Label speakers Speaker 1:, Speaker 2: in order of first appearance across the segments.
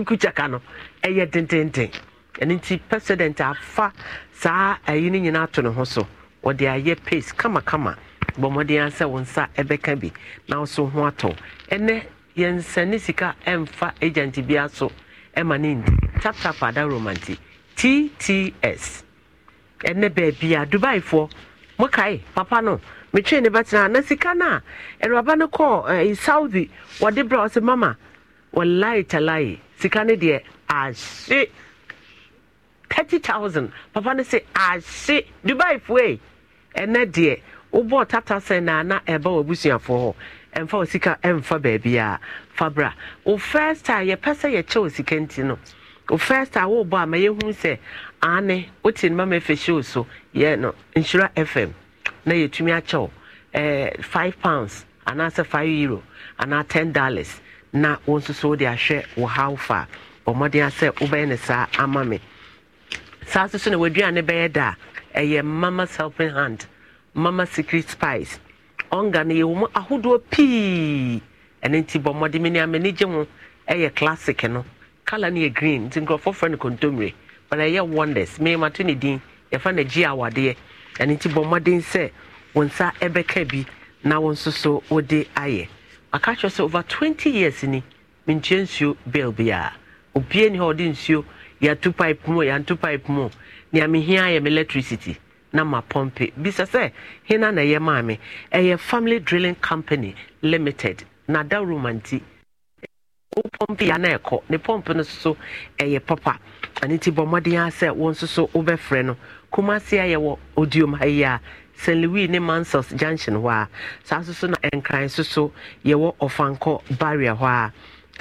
Speaker 1: nkukyaka no ɛyɛ dententen ɛno nti president afa saa ayi no nyinaa ato ne ho so wɔde ayɛ pace kamakama bɔ mmɔden sɛ wo nsa ɛbɛka bi na wo so ho atɔ ɛnɛ yɛnsɛne sika ɛmfa agent bia so ɛma ne nti taptap adaroma nti tts ɛnɛ baabia dubaifoɔ mokae papa no metwee ne bɛtena na sika no a awuraba no kɔɔ eh, saudi wɔde brɛ ɔ sɛ mama lai talai sika ne deɛ ahye thirty thousand papa ne sɛ ahye dubai foe ɛnɛ deɛ wobɔɔ tata sɛn na na ɛba wɔ abusuafoɔ hɔ ɛmfa wo sika ɛmfa baabi a fabra wo first a yɛpɛ sɛ yɛkyɛ wo sika nti no wo first a wobɔ a ma yɛhu sɛ ane wote no mama fɛhyɛw so yɛ no nhyira fm na yɛtumi akyɛw eh, five pounds anaasɛ five euro anaa ten dollars na wo nso so wode ahwɛ wo hawfa ɔmmɔden a sɛ wobɛyɛ ne saa ama me saa nso so na waduane bɛyɛ da a ɛyɛ mama helping hand mama secret spice ɔnga no yɛwɔ mu ahodoɔ pii ɛno nti bɔ mmɔde me ne amani gye ho ɛyɛ classic no colour no yɛ green nti nkurɔfoɔ frɛ no contomire but ɛyɛ wonders memato ne din yɛfa no gye awadeɛ ɛno nti bɔ mmɔden sɛ wo nsa ɛbɛka bi na wo nso so wode ayɛ aka sɛ over 20 years ni menkyɛ nsuo bill biara obie ni hɔ ɔde nsuo yɛato pipe mu yɛanto pipe mu nea mehia yɛ me electricity na ma pɔmpe bisa sɛ hena na ɛyɛ maa me ɛyɛ family drilling company limited na da romanti wopɔmpe yɛ na ɛkɔ ne pɔmpe no soso ɛyɛ papa ɛne ti bɔ mmɔden a sɛ wo nso so wobɛfrɛ no kumasi ayɛwɔ odiom ha yi a st louis ne mansos junction hɔ a saa nso so na nkran nso so yɛwɔ ɔfankɔ barrier hɔ a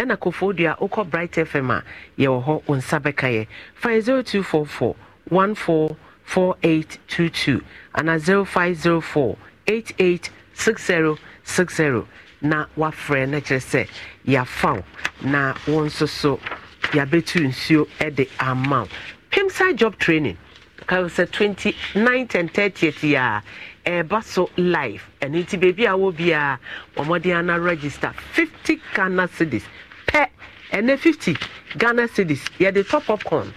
Speaker 1: ɛna kofodua wokɔ bright fm a yɛwɔ hɔ wo nsa bɛka yɛ fa 0244 144822 ana 0504 886060 na wafrɛ no kyerɛ sɛ yɛafaw na wo nso so yɛabɛtu nsuo de ama wo pimsa job training kaw sɛ 29th and 30th yɛ a ɛreba so live ɛno nti baabi a wɔ biara wɔmmɔden ana register 50 ghana cities pɛ ɛnɛ 50 ghana cities yɛde top popcorn. corn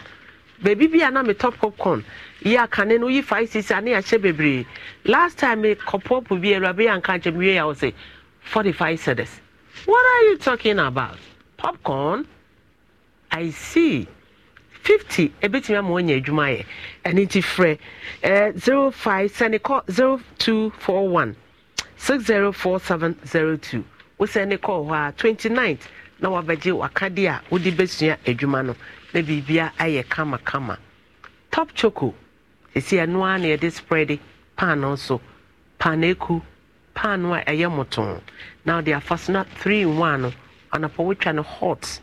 Speaker 1: baabi bi a na me top popcorn. corn yɛ akane no woyi 5 cc ane yɛahyɛ bebree last time me kɔpɔpo bi awuraba yɛ anka nkyɛ mewie a wo sɛ 45 cedis what are you talking about popcorn i see fifty ebetumi ama wɔn nyɛ adwuma yɛ ɛne ti frɛ ɛɛ zero five sani kɔ zero two four one six zero four seven zero two wosɛn ne kɔɔ hɔ a twenty ninth na wabɛgye wakade a wode bɛsua adwuma no na biribia ayɛ kamakama top choco ɛsi ɛnoa na yɛde spread paano nso paano eku paano a ɛyɛ motɔn na wɔde afa three in one no anapɔ wotwa no hot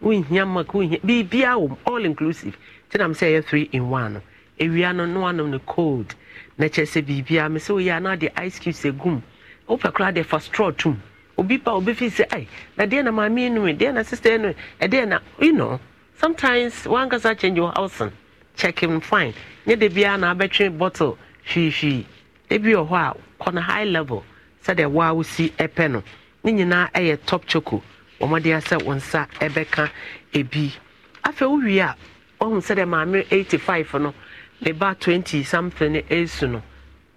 Speaker 1: wohia mak wohia biribia wom all inclusive nti nam sɛ ɛyɛ three in one no ewia no no anom no cold na kyerɛ sɛ biribia me sɛ woyɛ anaa de ice cubes egum wopɛ koraa de fa straw tum obi pa obi fi sɛ ai na deɛ na maame enum deɛ na sister enum ɛdeɛ na you know sometimes wankasa change your house check him fine nye de bia na abɛtwe bottle hwiihwii ebi wɔ hɔ a kɔ no high level sɛdeɛ waa wosi ɛpɛ no ne nyinaa ɛyɛ top choco wɔmɔde asɛ wɔn nsa ɛbɛka ebi afei wowie a ɔhu sɛ dɛ maame eighty five no ne ba twenty something no esu no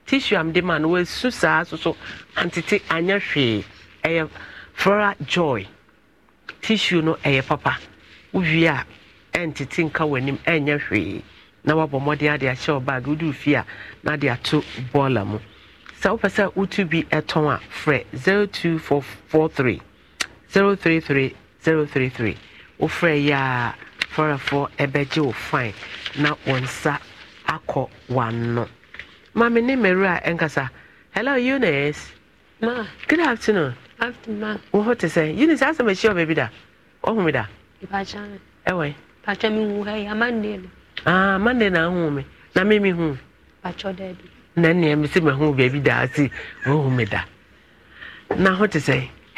Speaker 1: tissue am de ma no wasu saa so antete anya hwee ɛyɛ flora joy tissue no ɛyɛ papa wowie a ɛntete nka w'anim ɛnyɛ hwee na wabɔ mmɔden ade ahyɛ ɔbaage wode fie a na de ato bɔɔla mu sɛ wopɛ sɛ wotu bi ɛtɔn a frɛ three. 033 033 wofrɛ yi a fɔrɛfoɔ ɛbɛgye wo fine na wɔn nsa akɔ wano maame ne a ɛnkasa hello eunice ma good afternoon
Speaker 2: afternoon
Speaker 1: wo ho te sɛ eunice asɛm ahyia wɔ baabi da woahome da ɛwɔ
Speaker 2: patwa mi hu ha yi amande
Speaker 1: ah, na ahu me na me hu na nea me se mahu baabi da ase wohome da na ho te sɛ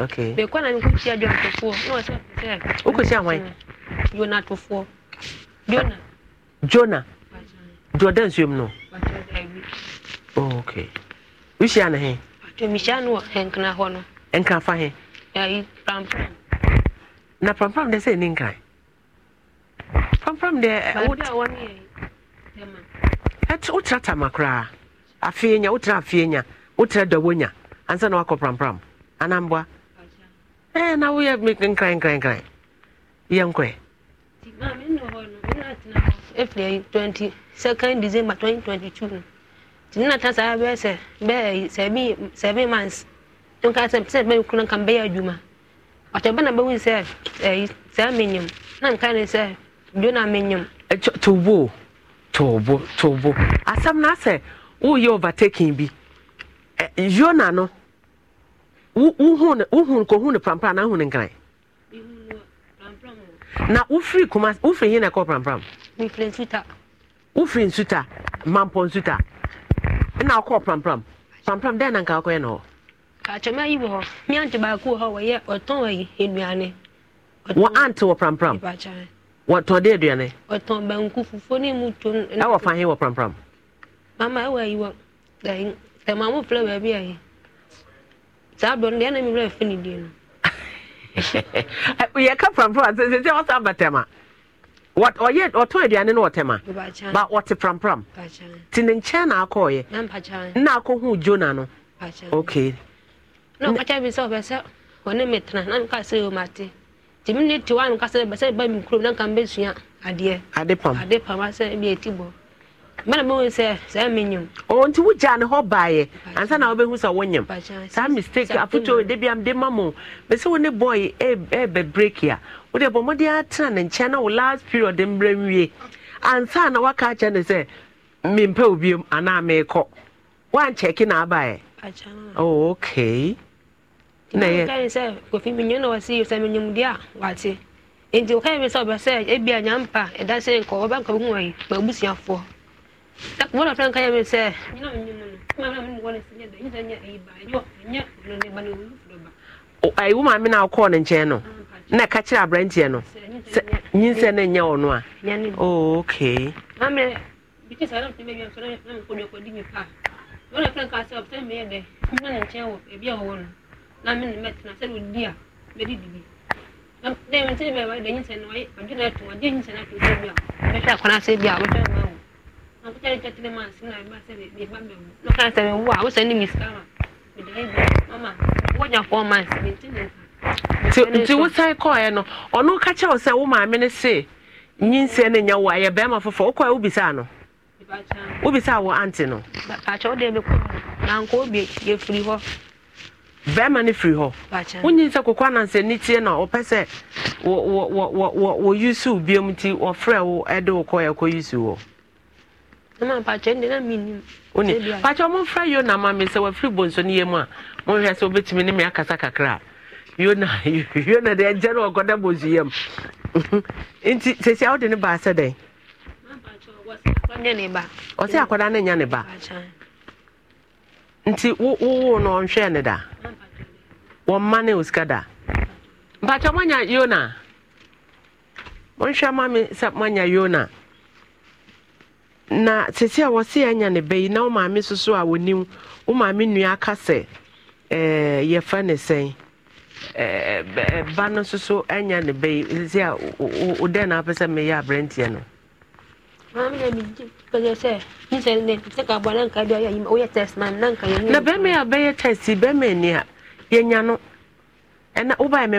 Speaker 1: okay
Speaker 2: bɛkɔ na nkɔ kyia dwa
Speaker 1: jona tofoɔ ɔda nsuo no okay wohyia ne he fa he na prampram dɛ sɛ ɛni nkran prampram wotra eh, tama koraa afeenya wotra afeenya wotra dawonya ansa na wakɔ prampram anamboa Eh, na woyɛ me nkran nkran nkran. Yɛ nkɔɛ.
Speaker 2: Ti maa mi nnɔ hɔ no, mi na tena hɔ. Efiri twenty second December twenty twenty two no. Ti na ta saa bɛyɛ sɛ bɛyɛ seven seven months. Nka sɛ sɛ bɛyɛ kuro nka bɛyɛ adwuma. Ɔtɛ bɛ na bɛ wuli sɛ ɛyi e, saa mi nyim. Na nka ne sɛ do
Speaker 1: na mi nyim. Ɛkyɛ e, tobo tobo tobo. Asɛm na sɛ woyɛ overtaking bi. Ɛ e, yona no wohun kɔhu no prampram na ahu no nkran na wofiri kuma wofiri hin na ɛkɔ prampram mefiri nsuta wofiri nsuta mampɔ nsuta na wokɔɔ prampram pampam dɛn na nka akɔyɛ no hɔ
Speaker 2: kakyɛmɛ ayi wɔ hɔ me ante baako wɔ hɔ wɔyɛ ɔtɔn wɔ aduane
Speaker 1: wɔn ante wɔ prampram wɔtɔn de aduane
Speaker 2: ɔtɔn banku fufuo ne mu tom ɛwɔ fa
Speaker 1: he wɔ prampram
Speaker 2: mama ɛwɔ ayi wɔ tɛmamu filɛ baabi ayi saa dɔn deɛ na mi wura fɛn deɛ no.
Speaker 1: yɛ ka prampram ase sɛ sɛ ɔsa abatɛma ɔyɛ ɔtɔn aduane no ɔtɛma ba ɔte prampram ti ne nkyɛn na akɔɔyɛ na akɔhu jona no okay.
Speaker 2: na ɔkakyɛ bi sɛ ɔbɛ sɛ ɔne me tena na nka sɛ yom ate tìmí ne tiwa nka sɛ bɛ sɛ ba mi kurom na nka mbɛ sua adeɛ
Speaker 1: ade pam ade
Speaker 2: pam asɛ ebi eti bɔ. mana mehu sɛ saa menyim
Speaker 1: oh, nti wogyaa ne hɔ baeɛ ansa na wobɛhu sɛ wonyam saa mistake afoto mm. da bia mede ma mo mɛsɛ wo ne boy ɛbɛ e, e break a wode bɔ mmɔden atena ne nkyɛn na wo last period mmerɛ nwie ansa na waka akyɛ ne sɛ mempɛ wo eko, anaa meekɔ woankyɛke na abaeɛ oh, ok
Speaker 2: sɛ kofi wala tan kaya mi sɛ
Speaker 1: ayi wo maame na akɔɔ ne nkyɛn no na ka kyerɛ aberanteɛ no nyinsɛ no nyɛ wɔ no a ok
Speaker 2: dɛ mi ti bɛ wa dɛ nyinsɛn na wa ye ɔdi na to ɔdi nyinsɛn na to so bi a bɛ fɛ akɔnɔ se bi a bɛ fɛ ma wo akutari kyɛtene mu ase na ɛma sɛ meba mɛ mu
Speaker 1: na ɔka sɛ mɛwo a wosɛ ne misika ma
Speaker 2: medae bi mama
Speaker 1: wonya four months menti ne nti nti wosan kɔɔɛ no ɔno ka kyerɛ wo sɛ wo maame ne se nyinsɛ ne nya wo a yɛ bɛrima foforɔ wokɔɛ wobisaa no wobisaa wo ante no akyɛw deɛ mekɔ na anka obi yɛfiri hɔ bɛrima no firi hɔ wonyin sɛ kokɔ anansɛ ne tie na ɔpɛ sɛ wɔyusu biom nti wɔfrɛ wo ɛde wo kɔɛ kɔ yusu wɔ na mpakyɛ ne na yona maame sɛ wafiri bonso no yɛmu a mo nhwɛ sɛ obetumi ne mi akasa kakra yona yona deɛ nkyɛn na ɔkɔda bonso yam nti sisi awo ne baa sɛ dɛn
Speaker 2: ɔsɛ akɔda ne nya ne ba.
Speaker 1: nti wo no ɔnhwɛ ne da wɔn ne osika da mpakyɛ ɔmo anya yona mo nhwɛ maame sɛ mo yona. na tete a wɔsi anya ne bɛyi na wo soso a wonim wo maame nua aka ɛɛ eh, yɛfrɛ ne sɛn ɛɛ eh, eh, ba no soso anya ne bɛyi tete a o dɛn na apɛ sɛ meyɛ aberanteɛ no.
Speaker 2: maame na mi gye sɛ n sɛ ne sɛ ka bɔ na nka bi ɔyɛ
Speaker 1: ɔyɛ test man na nka na a test no ɛna yɛ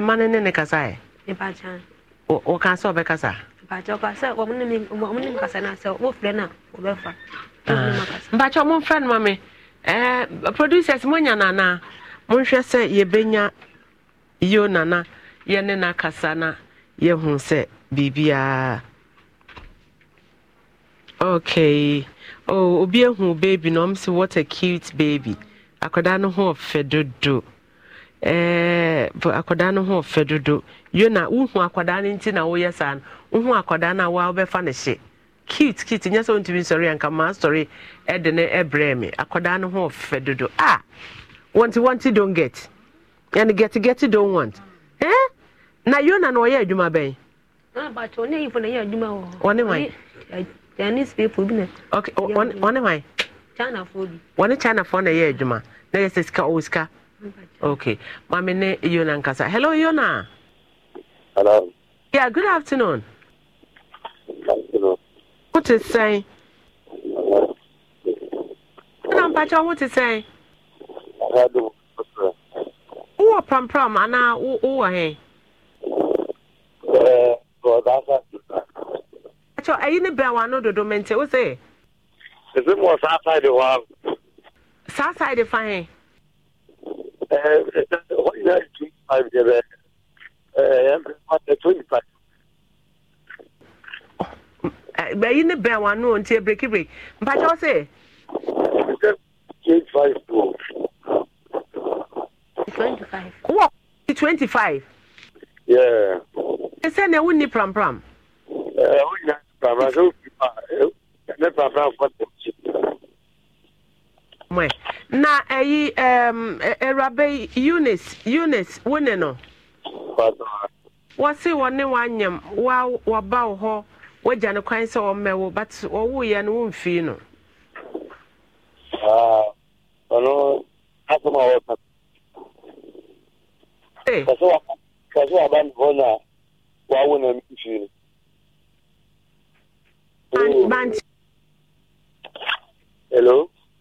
Speaker 1: ne ne kasa yɛ. ne ba kan sɛ ɔbɛ kasa.
Speaker 2: mpakyɛ
Speaker 1: momfrɛ no ma me producers moanya nanaa monhwɛ sɛ yɛbɛnya yo nana yɛne no kasa na yɛhu sɛ biribiaa ok oh, obi ahu baby na ɔm sɛ what a cute baby akwadaa no ho ɔfɛ dodo akwadaa no ho ɔfɛ dodo yona wohu akwadaa no nti na woyɛ saa no wohu akwadaa no a woa wobɛfa no hye kit kit nyɛ sɛ wontumi nsɔre anka ma sɔre ɛde ne ɛbrɛ me akwadaa no ho ɔfɛ dodo a wanti wanti don get ɛne get get don want eh? na yona na ɔyɛ adwuma bɛn
Speaker 2: ah, ɔne wan ɔne
Speaker 1: chinafoɔ na ɛyɛ adwuma na yɛ sɛ sika ɔwɔ sika Okay. Mamene Yona Nkasa. Hello, Yona. Hello. Yeah, good afternoon. afternoon. What is saying? Nampacha, what is saying? Wowɔ prampram anaa wowɔ he? Akyɛ ɛyi ne bɛn wano dodo mente wo sɛ?
Speaker 3: Ɛsɛ mu wɔ saa side hɔ a.
Speaker 1: Saa side fa he?
Speaker 3: right now, it's 25 there.
Speaker 1: bẹẹyi ni bẹẹ wọn nù ntí ebrekire mpatsọ sè.
Speaker 3: twenty five to.
Speaker 1: twenty five. wọ́n ti twenty
Speaker 3: five. ẹ
Speaker 1: sẹ́ni ẹ̀wù ní prampram.
Speaker 3: ẹ̀wù ní prampram ẹ̀wù ní prampram fọ́tẹ̀ ọ̀ṣẹ̀.
Speaker 1: mwe na eyi eh, erabe eh, eh, Eunice Eunice wone no wɔsi wɔne wanyam wa wɔba wo hɔ wagya ne kwan sɛ wɔmmɛwo but wɔwuyɛ no womfii no
Speaker 3: ɔno ah, asɛm a wɔka kɛsɛ waba ne hɔ na wawo na no hello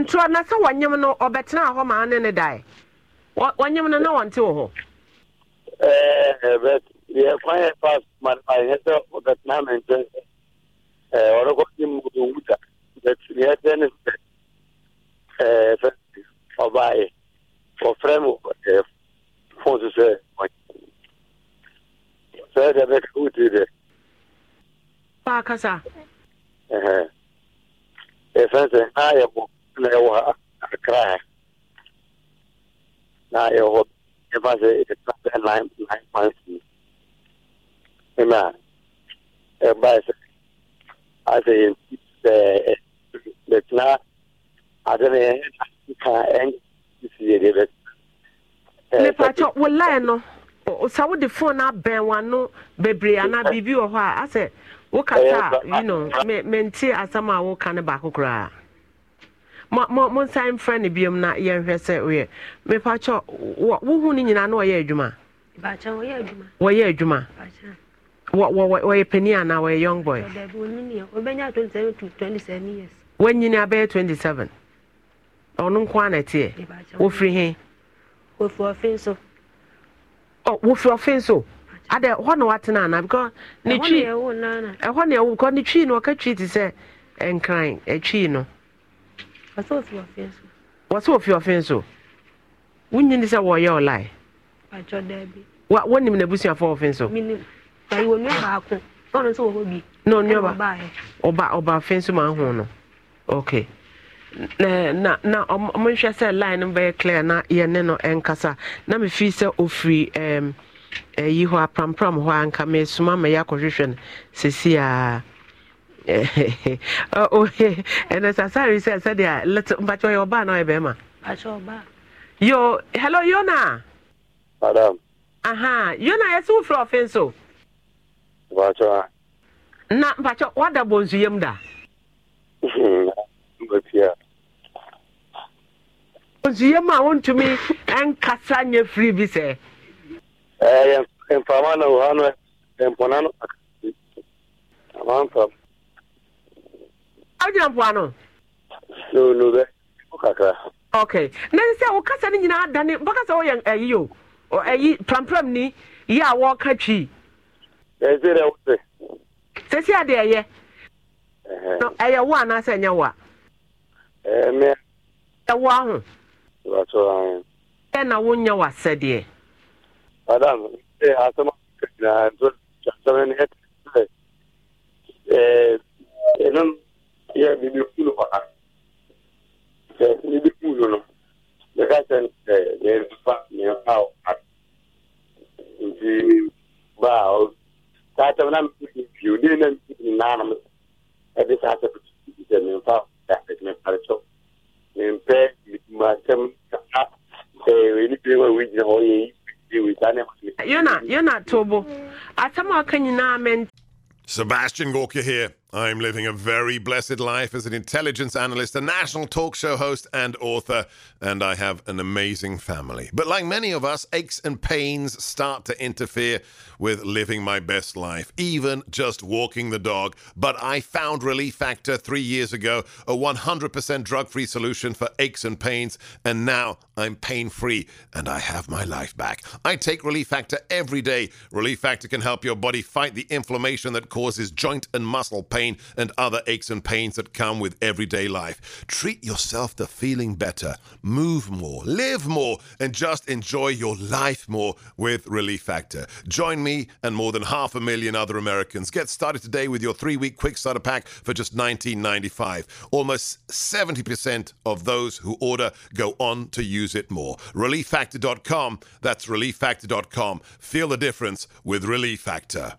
Speaker 1: ntorɔ na sɛ wɔnyem no ɔbɛtena hɔ ma ne ne dae wɔnyem no na wɔnte wɔ hɔ
Speaker 3: yɛkwan yɛ pas mademayɛ sɛ ɔbɛtena me nkyɛn sɛ ɔrekɔgye mu ɔwu da yɛsɛ ne sɛ sɛ ɔbaeɛ wɔfrɛ me fon so sɛ sɛ dɛ bɛka wotiri dɛ baakasa ɛfɛ sɛ na yɛbɔ laver fikraha na eu mas ele trabalha lá lá em na é mas as ele é de na as ele ka en se ele é mepa
Speaker 1: kyɛ wo line no sɛ wode na no abɛn wano bebree anaa biribi wɔ a asɛ wokasa a you know a woka no monsan mfrɛ no biom na yɛnhwɛ sɛ woyɛ mepakyɛ wohu no nyinaa na ɔyɛ adwuma wɔyɛ adwuma wɔyɛ pani anaa wɔyɛ young boy wanyini abɛyɛ 27 ɔno nko a na ɛteɛ wɔfiri he wɔfiri ɔfe nso adɛ hɔ na watena anaa because ne twi ɛhɔ na ɛwo because ne twi no ɔka twi te sɛ nkran atwi no
Speaker 2: wɔsɛ ofi ɔfin so.
Speaker 1: wɔsɛ ofi ɔfin so wunyi ni sɛ wɔyɛ ɔlae.
Speaker 2: patro dɛbi.
Speaker 1: wa wɔnim na ebusuafo ɔfin so. minim ayi wɔn nua baako ɔno nso wɔ bi. na onua ba ɔba ɔba ɔfin so maa ho no okay. na na na ɔmonhwɛ sɛ line no bɛyɛ clear na yɛne no nkasa na mefi sɛ ɔfiri ɛyi um, eh, hɔ aprampram hɔ a nka mesoma ma yɛ akɔhwehwɛ no sesia ah, ɛnɛ sasare sɛ sɛdeɛ mpakyɛ ɔyɛ ɔbaa na ɔyɛ bɛrima yo hello yona madam aha yona yɛse wo frɛ ɔfe nso mpakyɛ na mpakyɛ woada bɔnsu yam da bɔnsu yam a wontumi ɛnkasa nyɛ firi bi sɛ
Speaker 3: mfama na wɔ ha no mpɔna no awogyina mpoano no bɛ kakra
Speaker 1: ok na sɛ wokasa nyina nyinaa dane bɛka sɛ woyɛ ayi o ayi plam ni ya a wɔka twii
Speaker 3: ɛsɛ dɛ wose
Speaker 1: sɛsi ade ɛyɛ no ɛyɛ wo a Ee, na wonyɛ wo asɛdeɛ
Speaker 3: madam ɛ asɛm nyinaa nso asɛm yɛ mimi kunu hɔ a sɛ mimi kunu no mɛka sɛ sɛ mɛmfa mɛmfa a nti ba a o saa sɛ na mɛkutu bio ne na mɛkutu nyinaa na ɛde saa sɛ kutu sɛ mɛmfa a mɛpare kyɛw mɛmpɛ mɛtuma sɛm saa sɛ ɛni pere ma wɔgyina hɔ yɛ yi wei saa ne ma
Speaker 1: yona yona tobo asɛm a ɔka
Speaker 4: Sebastian Gorka here. I'm living a very blessed life as an intelligence analyst, a national talk show host, and author, and I have an amazing family. But like many of us, aches and pains start to interfere with living my best life, even just walking the dog. But I found Relief Factor three years ago, a 100% drug free solution for aches and pains, and now I'm pain free and I have my life back. I take Relief Factor every day. Relief Factor can help your body fight the inflammation that causes joint and muscle pain pain and other aches and pains that come with everyday life. Treat yourself to feeling better, move more, live more, and just enjoy your life more with Relief Factor. Join me and more than half a million other Americans. Get started today with your three week quick starter pack for just $19.95. Almost 70% of those who order go on to use it more. ReliefFactor.com. That's ReliefFactor.com. Feel the difference with Relief Factor.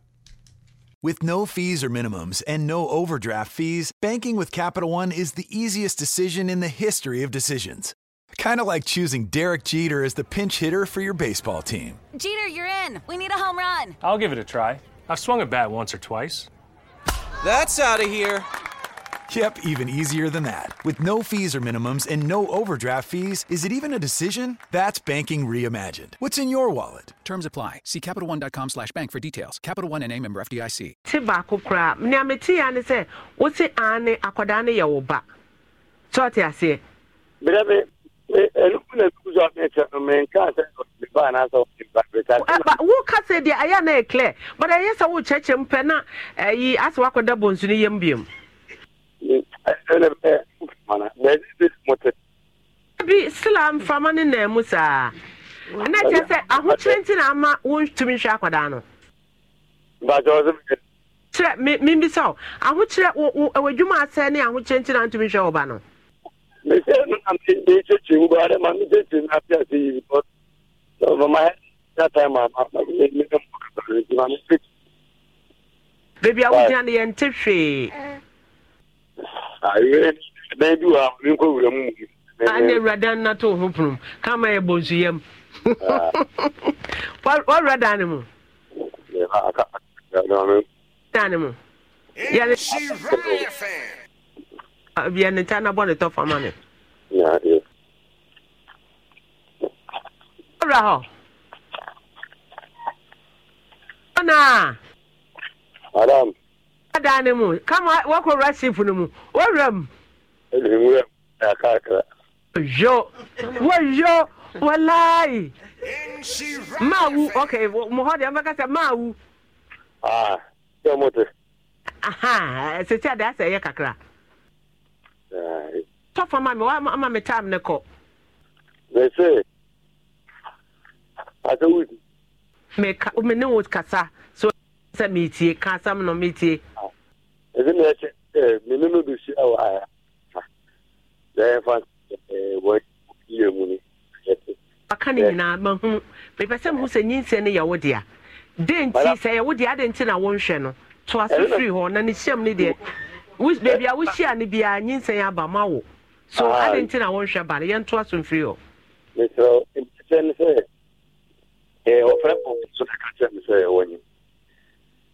Speaker 5: With no fees or minimums and no overdraft fees, banking with Capital One is the easiest decision in the history of decisions. Kind of like choosing Derek
Speaker 6: Jeter as the pinch hitter for your baseball team.
Speaker 7: Jeter, you're in. We need a home run.
Speaker 6: I'll give it a try. I've swung a bat once or twice. That's out of here.
Speaker 5: Yep, even easier than that. With no fees or minimums and no overdraft fees, is it even a decision?
Speaker 1: That's banking reimagined. What's in your wallet? Terms apply. See CapitalOne.com slash bank for details. Capital One and a member FDIC. Tibako kra. Mniameti ane se, wote ane akwadane ya woba. Chote ya se.
Speaker 3: Bilabe, elukune kuzo amecha, menkasa ba na asọ
Speaker 1: woka sɛ deɛ ɛyɛ na ɛclear but ɛyɛ sɛ wokyɛkyɛ mpɛ na ayi asɛ woakɔda bɔnsu no yɛm biom
Speaker 3: ɛna bɛ mana mɛ ɛdi mɔtɛ.
Speaker 1: bi silam fama ni nɛɛmu saa ɛna kyerɛ sɛ ahokyere nti na ama wontumi nhwɛ akwadaa no. bàtɛ na mi. kyerɛ mi mi bi sɛ ahokyere wo wo ɛwɔ adwuma asɛ ne ahokyere nti na ntumi nhwɛ ɔba no.
Speaker 3: mi sɛ ɛnu na mi mi kyekye mu baa dɛ ma mi kyekye mu afi ase yi because ɔbɛn ma that time a ma mi mi mi mi mi mi mi mi mi mi
Speaker 1: mi mi mi
Speaker 3: dan wa nkɔ wura mu. ane
Speaker 1: awurade nna to ho ponom kama yɛ bɔnsuyam wɔwura dan ne mu dan mu yɛne yɛne na bɔ ne tɔ fama ne wɔwura hɔ ɔnaa dan ne mu kama wakɔ rasif no mu
Speaker 3: wɔwura mu. ɛdini mu
Speaker 1: yo wɔyo walayi maawu ok mɔgɔ de ɛmɛ kasa maawu. aa ah, yɛ mo te. sisi adi asɛ yɛ kakra. tɔfɔ maami wa ama mi taam ne kɔ. mɛ se asewudi. mɛ ka mɛ ne wo kasa sɛ metie ka asɛm no metie
Speaker 3: na ɛkyɛ mene no bɛsi a wɔ aya na yɛmfa
Speaker 1: aka ne nyinaa mahunu mepɛ sɛ mhu sɛ nyinsɛ no yɛwo dea de nti sɛ yɛwo dea ade nti na wonhwɛ no toa so firi hɔ na ne hyɛm no deɛ baabi a wohyia no biaa nyinsɛ aba ma wo so ade nti na wonhwɛ ba no yɛntoa so mfiri hɔ
Speaker 3: mesrɛ sɛ ɔfrɛ pɔ so ka kyerɛ me sɛ ɛwɔ nyim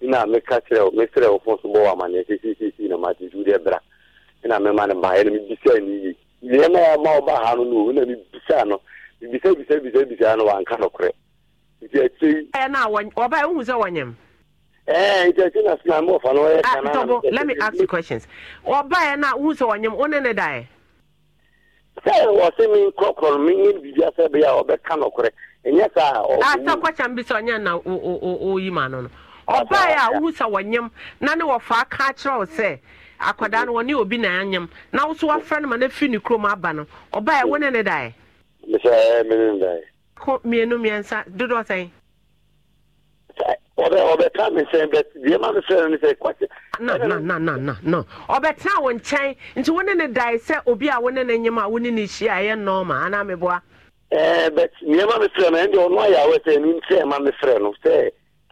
Speaker 3: ina meka kyerɛ me serɛ wo fo so bɔ amanneɛ sɛ sisisi na mate sudeɛ bra ina mema no baeɛ no mebisa ni ye nneɛma a ma wɔba ha no no eh, na mebisa no mebisa bisa bisa bisa no wanka nokorɛ nti akyiri
Speaker 1: ɛɛ na wɔba wohu sɛ wɔnyam Eh, nti akyiri na sena ma ɔfa no wɔyɛ e ah, kana Tobo, let me e- ask you questions wɔbaeɛ eh, na wohu sɛ wɔnyam wo ne ne daeɛ sɛ wɔse me nkorɔkorɔ no menye e biribi asɛ ah, bɛyɛ a
Speaker 3: wɔbɛka nokorɛ ɛnyɛ saa
Speaker 1: asɛ kwakyam bi sɛ ɔnyɛ na woyi ma no no ɔbaa a wohu sɛ wɔnyam na ne wɔfa aka akyerɛ wo sɛ akwadaa no wɔne obi na anyam na wo so wafrɛ no ma na firi ne kurom aba no ɔbaa wo ne ne
Speaker 3: mmienu
Speaker 1: mmiɛnsa dodoɔ sɛn
Speaker 3: ma ɔbɛtena
Speaker 1: wo nkyɛn nti wo ne ne dae sɛ obi a wo ne ne nyam a wo ne ne hyia ɛyɛ nɔɔma anaa meboa
Speaker 3: eh, nneɛma ɔno ayɛ awɛ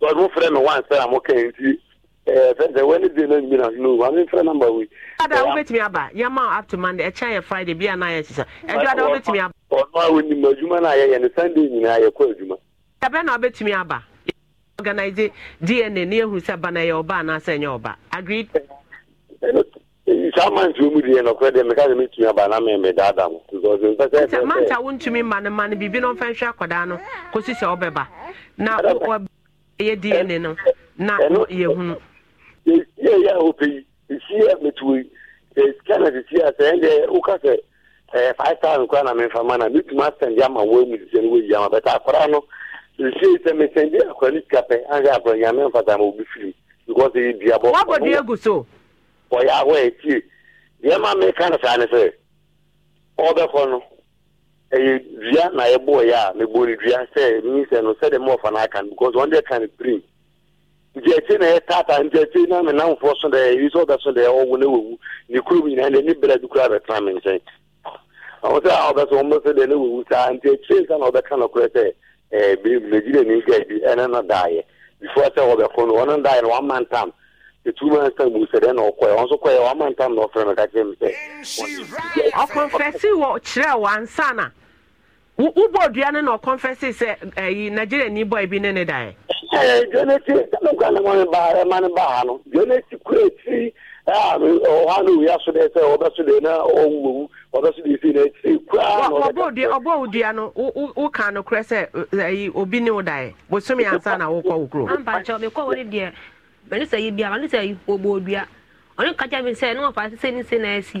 Speaker 3: because mo frɛ no once a mo kɛn nti fɛsɛ eh, wednesday no nyina no ame frɛ ada
Speaker 1: eh, aba up to monday friday na ayɛ kyesa ada aba a no a
Speaker 3: yɛyɛ no sunday nyinaa yɛkɔ adwuma
Speaker 1: ɛbɛ na aba organize dna ba agreed eh,
Speaker 3: saa mu deɛ deɛ meka sɛ mɛtumi aba na memedaadaa mo manta
Speaker 1: wontumi no ma no biribi no nhwɛ no kɔsi sɛ wobɛba ɛyɛ dna no na yɛhunu
Speaker 3: yɛyɛ a wopɛ yi ɛsie a mɛtuo yi sika na sesie a sɛ ɛndeɛ woka sɛ eh, five thousand koraa na memfa ma na mɛtumi asɛnde ama woa mu sisɛ no wɔyi ama bɛta akwaraa no sesie sɛ mesɛnde akwara no sika pɛ ansɛ akwara nyame mfata ma obi firi because ɛyɛ duabɔ wabɔde agu so ɔyɛ awɔ ɛtie deɛ ma meka no saa ne sɛ ɔbɛkɔ no ɛyɛ eh, dua na ɛbɔ yɛ a mebɔ ne dua sɛ minisɛ no sɛde ma no aka no because ɔnde ka no prim na ɛtaata e na me namfoɔ so e sɛ ɔwo e na wawu ne kurom nyinaa dɛ ne berɛ eh, de bɛtena me nkyɛn ɔmo sɛ a ɔbɛso ɔmo sɛ dɛ ne wawu saa nsa na ɔbɛka no korɛ sɛ ne bi ɛne no before sɛ no ɔno no wama ntam ɔnso kɔ yɛ wama ntam na ɔfrɛ
Speaker 1: no wobɔ dua ne na ɔkɔmfɛse sɛ ayi nigeria ni bi ne ne daɛ
Speaker 3: dwaneti sɛmekwa ne mɔne baarɛ ma ne baa no dwaneti kurɛtiri ɔha no wia so dɛ sɛ ɔbɛso deɛ na ɔwuwu ɔbɛso deɛ fii na akyiri wo dua
Speaker 1: no woka no na wokɔ wo mekɔ wo ne deɛ
Speaker 2: sɛ mane wɔbɔ dua na asi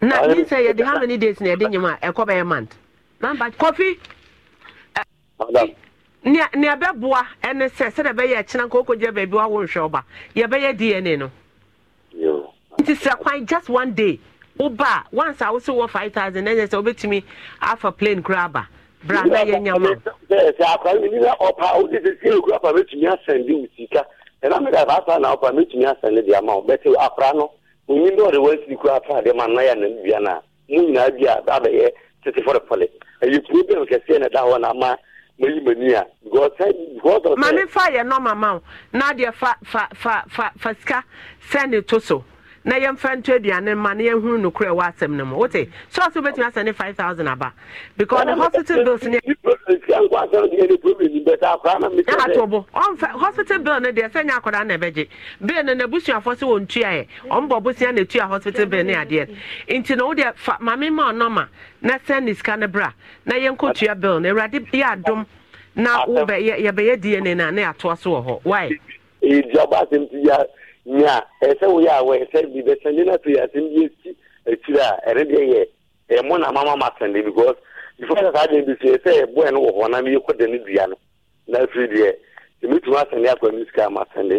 Speaker 1: na yi sɛ yɛde how many days na yɛde nyima ɛkɔ bɛyɛ month namba kofi nea bɛboa ɛne sɛ sɛdeɛ bɛyɛ kyena nka wokɔgyina baabi wa wonhwɛ woba yɛbɛyɛ dna no nti sɛ kwan just one day woba a once a wose wɔ 5000
Speaker 3: ɛnyɛ sɛ wobɛtumi
Speaker 1: afa plane kora aba bra na yɛnya ma
Speaker 3: sɛ akwanmnina ɔpa wode sɛ sie kora pa bɛtumi asɛnde wo sika ɛna meda baasa na ɔpa mɛtumi asɛnde de ama wo bɛte onye ndị ọrịa wee siri kwa afọ adị ma nna ya na mbibia na mụ nyinaa bi a tete fọrọ pọlị eyi problem kɛseɛ na ɛda hɔ na ama mayi mani a maame
Speaker 1: fa yɛ nɔma ma o na adeɛ fa fa fa fa fa sika sɛ ne to so. na yɛmfa nto aduane ma na yɛhunu nokorɛ wɔ asɛm no mu wote sɛ ɔsɛ wobɛtumi asɛne 5000 aba because the hospital bills ne atobɔ hospital bill no deɛ sɛ nyɛ akɔdaa na ɛbɛgye bill no n'abusuafoɔ sɛ wɔntuaeɛ ɔmbɔ bosea na ɛtua hospital bill ne adeɛ nti na wodeɛ fa mame ma ɔnɔma na sɛn ne sika no bra na yɛnkɔtua bill no awurade yɛ adom na wobɛ yɛbɛyɛ dna no a na yɛatoa so wɔ hɔ why
Speaker 3: nea ɛsɛ woyɛ a wɔɛsɛ bi bɛsɛ ne na afei asɛm bi asi akyiri a ɛne deɛ yɛ ɛmo na mama masɛnde because before sɛ saa deɛ bi sɛ ɛsɛ ɛboɛ no wɔ hɔ na meyɛkɔda no dua no na afei deɛ ɛmɛtumi asɛnde akɔ no sika masɛnde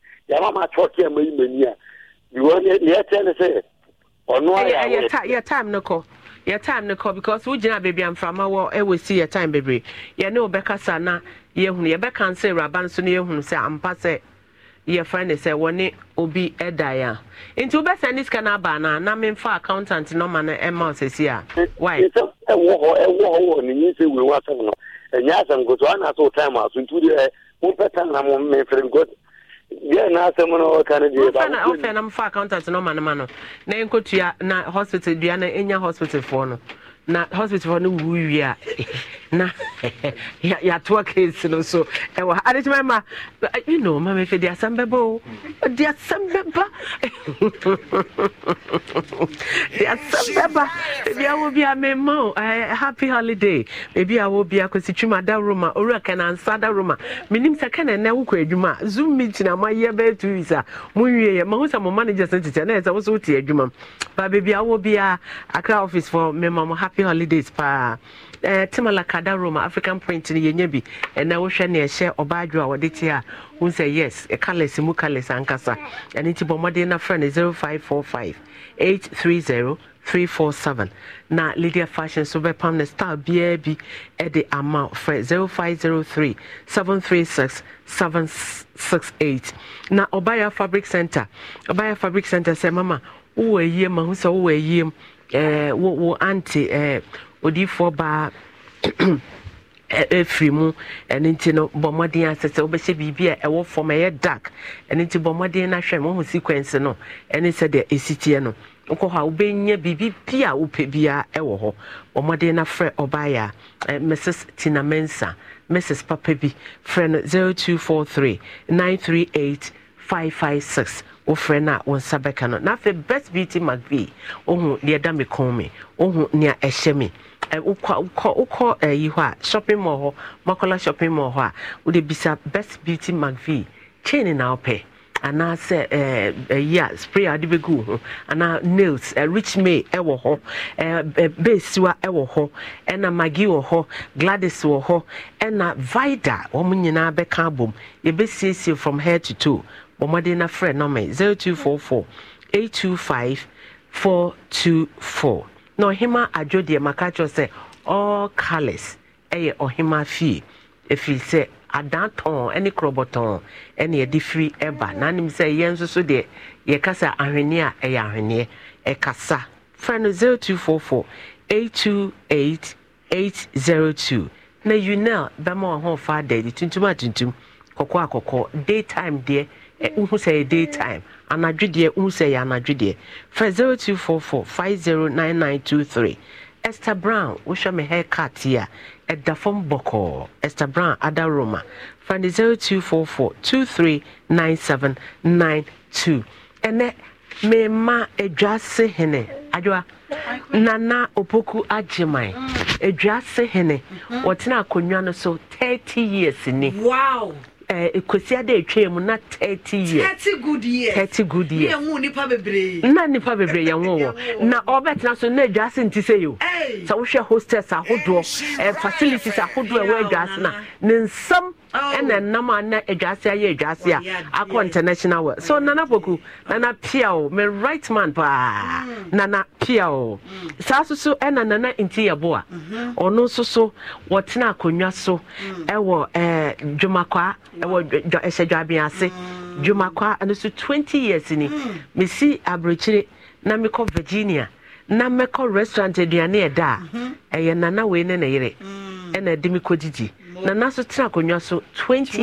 Speaker 3: yàrá máa tọ́ kí ẹ mọ ni à ìwọ ni ẹ tẹ́ ni sẹ́ ọ̀nù ayà wẹ̀. yẹ
Speaker 1: time ni because wọ́n gyina beebi ànfààmà wọ ẹ wọ si yẹ time bebree yẹ ne sa na yẹ hunu yẹ nsọ ìrọ̀aba nso ni yẹ hunu sẹ sẹ yẹ ni sẹ obi ya nti wọ́n bẹ sẹ ní sika bá náà náà mi fa accountant a. ẹ
Speaker 3: wọ họ ẹ wọ họ wọ yɛ naasɛm no wɔka no dwewofɛ
Speaker 1: na mfa accountant no ɔma no ma no na ɛnkɔtua na hospital dua no ɛnya hospitalfoɔ no na hospital no wu wie a na yɛatoa case no so ɛwɔ ha adekyima ma you know mama fɛ de asɛm bɛba o de asɛm bɛba de asɛm bɛba ebi awo bi a mema o happy holiday ebi awo bi a kɔsi twima da roma owura kɛnɛ ansa da roma menim sɛ kɛnɛ nɛ wokɔ adwuma zoom meeting a moayɛ bɛyɛ two weeks a monwie yɛ mahu sɛ mo manager sɛ tete na yɛ sɛ wo so wote adwuma ba bebi awo bi a akra office fɔ mema mo happy happy holidays paa eh, timala kada roma african print no yɛnya bi ɛna eh, wohwɛ ne ɛhyɛ ɔbaadwo a wɔde te a wo sɛ yes colours eh, mu colours ankasa ɛno nti bɔ mmɔden na frɛ no 0545 830 347 na lydia fashion so bɛpam no star biara bi eh, de ama frɛ 0503 736 768 na ɔbaya fabric center ɔbaya fabric center sɛ mama wowɔ ayie ma ho sɛ wowɔ ayie mu ɛɛ eh, wo wo aunty ɛɛ eh, odiifoɔ baa ɛfiri eh, mu ɛno nti no bɔ mmɔden asɛ sɛ wobɛhyɛ biribi a ɛwɔ fam ɛyɛ dark ɛno nti bɔ mmɔden no ahwɛ sequence no ɛne sɛdeɛ ɛsiteɛ no wokɔ hɔ a wobɛnya biribi bi a wopɛ biara ɛwɔ hɔ bɔ mmɔden no frɛ mrs tina mensa mrs papa bi frɛ no 0243 938 556 wofrɛ no a wo nsa bɛka no na afei best beauty magvi wohu deɛ ɛda me kɔn me wohu nea ɛhyɛ me wokɔ ayi hɔ a shopping mall hɔ makɔla shopping mall hɔ a wode bisa best beauty magvi chain na wopɛ anaasɛ ɛyi a spray a wode bɛgu wo ho anaa nails rich may ɛwɔ hɔ besiwa ɛwɔ hɔ ɛna magi wɔ hɔ gladys wɔ hɔ ɛna vida wɔn nyinaa bɛka abom yɛbɛsiesie from hair to toe wɔmmɔden na frɛ nɔma 0244 825 four na ɔhema adwo deɛ maka kyerɛ sɛ all colors ɛyɛ ɔhema fie ɛfiri sɛ adan tɔn ne korɔbɔ tɔn ɛne yɛde firi ɛba na anim sɛ yɛn nso so deɛ yɛkasa ahwenneɛ a ɛyɛ ahwenneɛ ɛkasa frɛ no eight 828 802 na unel bɛma wɔn ho fa adaadi tuntum a tuntum kɔkɔɔ a kɔkɔɔ daytime deɛ wohu eh, sɛ yɛ day time anadwe deɛ wohu sɛ yɛ anadwe fɛ 0244 509923 esther brown wohwɛ me hair cut yi a ɛda fam bɔkɔɔ esther brown ada roma fa ne 0244 239792 ɛnɛ mema adwase hene adwoa nana opoku agyeman adwase mm. hene mm-hmm. wɔtena akonnwa no so 30 years ni wow ekosi eh, ada etwa mu na thirty years thirty
Speaker 6: good years thirty good years yẹn hu nipa
Speaker 1: bebree na nipa bebree yẹn hu wọ na ọbẹtena so na edwa ase nti se yo sɛ wohwɛ hostels eh, ahodoɔ eh, facilities ahodoɔ ɛwɔ edwa ase na ne nsam oh. ɛna nam a na edwa ase ayɛ edwa ase a oh, akɔ international world so oh, nana boku nana pia o me right man paa mm. nana pia o mm. saa nso so ɛna nana nti yɛ boa mm-hmm. ɔno nso so wɔtena akonnwa so mm. ɛwɔ ɛɛ dwumakwa ɛwɔ mm. ɛhyɛ dwabea ase dwumakwa ɛno so twenty years ni mesi aburokyire na mekɔ virginia na mekɔ restaurant aduane ɛda a mm-hmm. ɛyɛ nana wei ne ne yere ɛna ɛde me didi nana nso tena akonnwa so twenty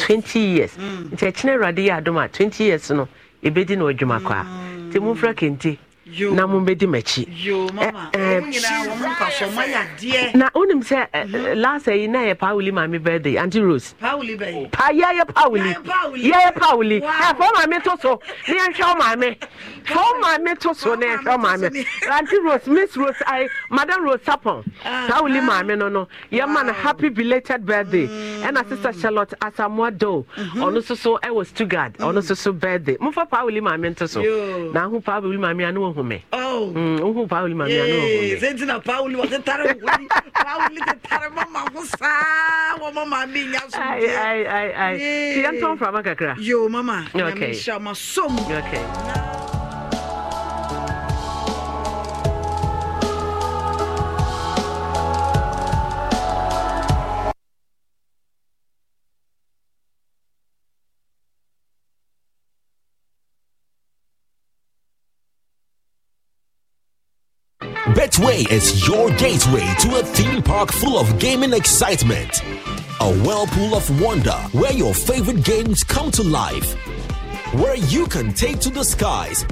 Speaker 1: twenty years nti ɛkyerɛ awurade yɛ adom a twenty years no ebedi na ɔdwumakwa nti mofra kente na mombɛdi m'akyi eh, eh, na wonim sɛ eh, last yi na yɛ paoli maame birthday anti rose yɛyɛ paoli yɛyɛ paoli fa wo maame to so ne yɛnhwɛ wo maame fa wo maame to so ne yɛnhwɛ wo maame anti rose miss rose I, madam rose sapon ah, paoli ah. maame no no yɛma no happy belated birthday mm. ɛna sister charlotte asamoa do mm-hmm. ɔno nso so ɛwɔ stuttgart ɔno nso mm. so birthday momfa paoli maame nto so na ho paoli maame ano home oh. mm, uhu pauli mami ansentina pauli wasetare pauli
Speaker 6: tetare mamaho saa wɔma maame nya
Speaker 1: soyɛntɔmframa kakra yo mama okay. nyamehyɛ masom okay.
Speaker 5: Betway is your gateway to a theme park full of gaming excitement. A whirlpool of wonder where your favorite games come to life. Where you can take to the skies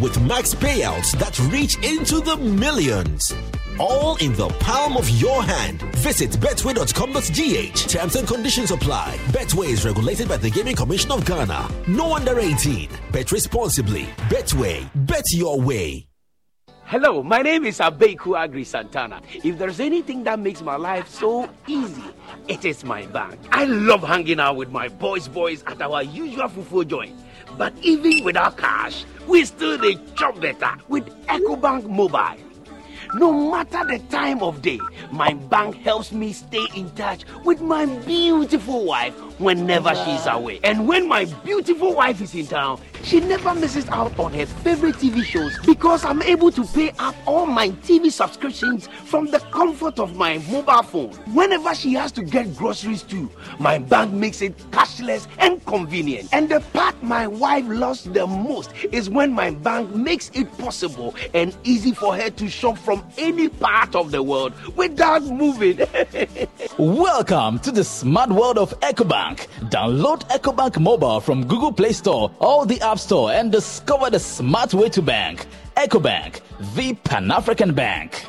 Speaker 5: with max payouts that reach into the millions. All in the palm of your hand. Visit betway.com.gh. Terms and conditions apply. Betway is regulated by the Gaming Commission of Ghana. No under 18. Bet responsibly. Betway. Bet your way.
Speaker 7: Hello, my name is Abeku Agri Santana.
Speaker 5: If there's anything that makes my life so easy, it is my bank. I love hanging out with my boys' boys at our usual fufu joint. But even without cash, we still they chop better with EcoBank Mobile. No matter the time of day, my bank helps me stay in touch with my beautiful wife whenever she's away. And when my beautiful wife is in town, she never misses out on her favorite TV shows because I'm able to pay up all my TV subscriptions from the comfort of my mobile phone. Whenever she has to get groceries too, my bank makes it cashless and convenient. And the part my wife loves the most is when my bank makes it possible and easy for her to shop from any part of the world without moving. Welcome to the smart world of EcoBank.
Speaker 7: EcoBank. Download EcoBank mobile from Google Play Store or the App Store and discover the smart way to bank. EcoBank, the Pan African bank.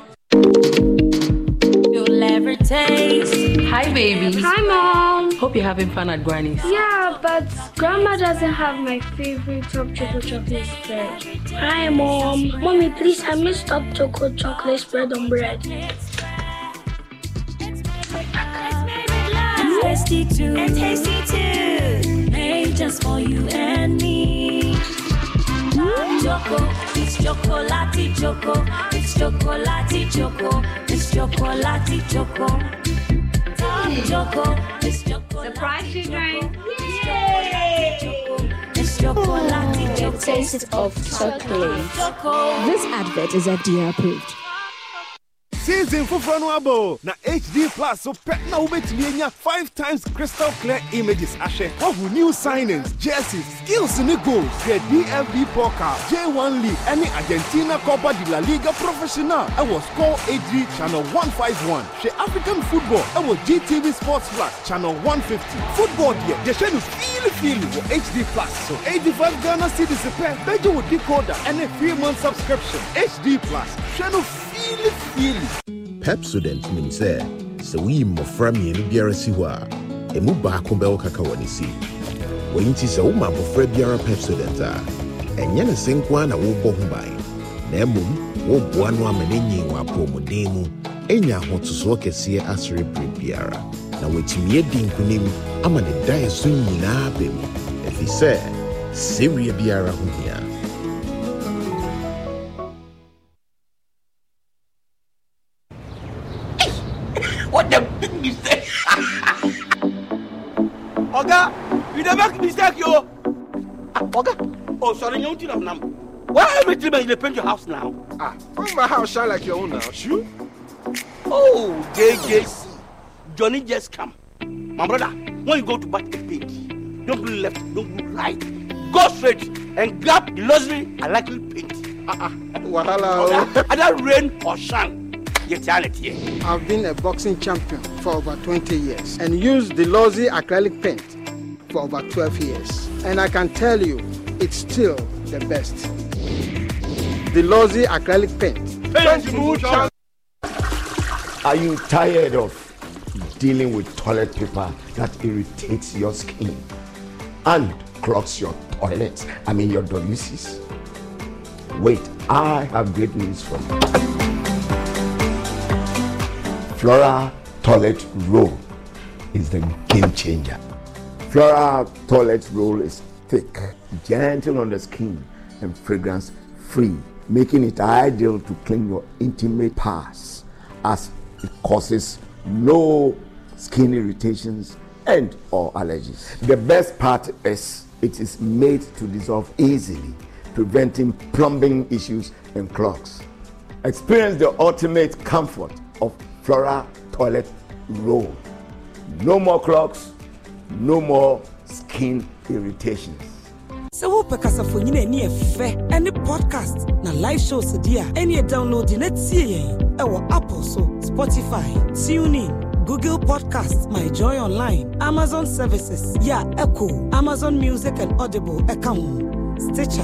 Speaker 6: Hi, babies. Hi, mom. Hope you're having fun at Granny's.
Speaker 2: Yeah, but Grandma doesn't have my favorite top chocolate chocolate spread. Hi, mom. Mommy, please, have me stop chocolate chocolate spread on bread. tasty too. And tasty too. Made just for you and me. Choco, it's chocolati choco. It's chocolati choco. It's chocolati choco. Choco, it's chocolati. Choco, children. Chocolati, chocolate. Taste of
Speaker 5: chocolate. This advert is FDA approved. season foforɔ no abɔ na hd plus so pɛ na wobɛtumi anya 5 times crystal clear images ahwɛ woahu new signings jerseys skills ne goals hwɛ dfb poker j1 league ne argentina copa de la liga professional ɛwɔ score hd channel 151 hwɛ african football ɛwɔ gtv sports flat channel 150 football deɛ yɛhwɛ no fiilfiili wɔ hd plus so 85 ghana cities pɛ bɛgye wo decoder ne 3 month subscription hd plus hwɛ no really feel it.
Speaker 8: Pepsodent means there. sɛ woyi mmɔfra mmienu biara si hɔ a ɛmu baako bɛwo kaka wɔ ne si wɔyi sɛ woma abɔfra biara pepsodent a ɛnyɛ ne se nko ara na worebɔ ho ban na mmom woreboa no ama no nyin wɔ apɔmuden mu ɛnya ahotosoɔ kɛseɛ asere berɛ biara na wɔatumi adi nkonim ama ne daeɛ so nyinaa ba mu ɛfiri sɛ sereɛ biara ho hia
Speaker 7: Oga. Oh, sorry, you don't know. Why are you months you paint your house now? Ah, my house shine like your own now? Shoe? Oh, JJC. Johnny just come. My brother, when you go to bat a paint, don't go left, don't go right. Go straight and grab the luxury and likely paint. Uh-uh. Wahala. Either rain or shine. I've been a boxing champion for over 20 years and used the Lozi acrylic paint for over 12 years. And I can tell you, it's still the best.
Speaker 8: The Lozzy acrylic paint. Are you tired of dealing with toilet paper that irritates your skin and clogs your toilets? I mean your dolices. Wait, I have great news for you. Flora Toilet Roll is the game changer. Floral toilet roll is thick, gentle on the skin, and fragrance free, making it ideal to clean your intimate parts as it causes no skin irritations and or allergies. The best part is it is made to dissolve easily, preventing plumbing issues and clogs. Experience the ultimate comfort of Flora Toilet Roll. No more clogs, no more skin irritations.
Speaker 7: sɛ wopɛ kasafonyina ani ɛfɛ ɛne podcast na live shows deɛ a ɛne download na tie yɛn ɛwɔ apple so spotify tunein Google Podcasts, My Joy Online, Amazon Services, Ya Echo, Amazon Music and Audible, Ekamu, Stitcher,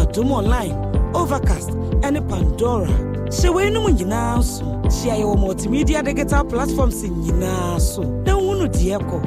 Speaker 7: Adum Online, Overcast, and Pandora. Shewe no nyinaa so. Share your multimedia digital platforms nyinaa so. Na wunu dieko.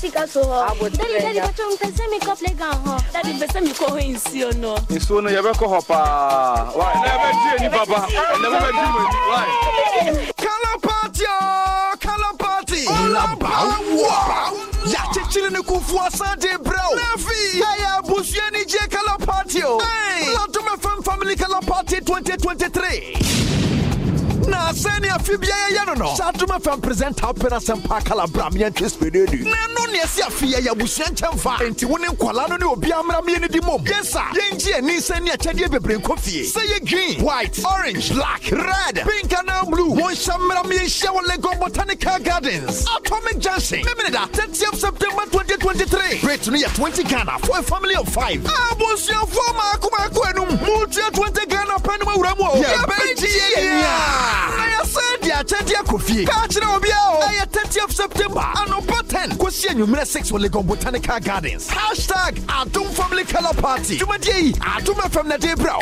Speaker 2: sikaso hɔ dadi dadi bɛtɔ mpɛ sɛ mi kɔ playground hɔ dadi mpɛ sɛ mi kɔ hɔ nsuo nɔ.
Speaker 5: nsuo no yɛbɛkɔ hɔ paa wa ɛnɛ bɛ di yɛ ni papa ɛnɛ bɛ di yɛ wa. kala paati o kala paati. olabawo yakyekyere ne kufu asante brɛw. lefi ɛyɛ abusua ni jɛ kala paati o. lɔtɔmɛ fɛn family kala paati twenty twenty three na sɛnea afe biara yɛ no no saa adom fam present how pɛn asɛm pa kala bra meɛntwe spededi na ɛno ne ɛsi afe yɛ yɛ abusua nkyɛm fa enti wo ne nkwala no ne obiaa mmra meɛ no di mom yɛsa yɛngye ani sɛ ne akyɛdeɛ bebree nkɔ fie sɛ yɛ green white orange black red pink ana blue wɔnhyɛ mmra meɛnhyia wɔ Lego botanical gardens atomic junction memeneda 30th september 2023 rate no yɛ 20 ghana for a family of 5 ah, abusuafoɔ maakomaako anum multia 20 ghana pɛ no mawura mu o yɛbɛgye yɛnia yɛsɛ de akyɛdeɛ kɔ 10 gardens hashtag family color party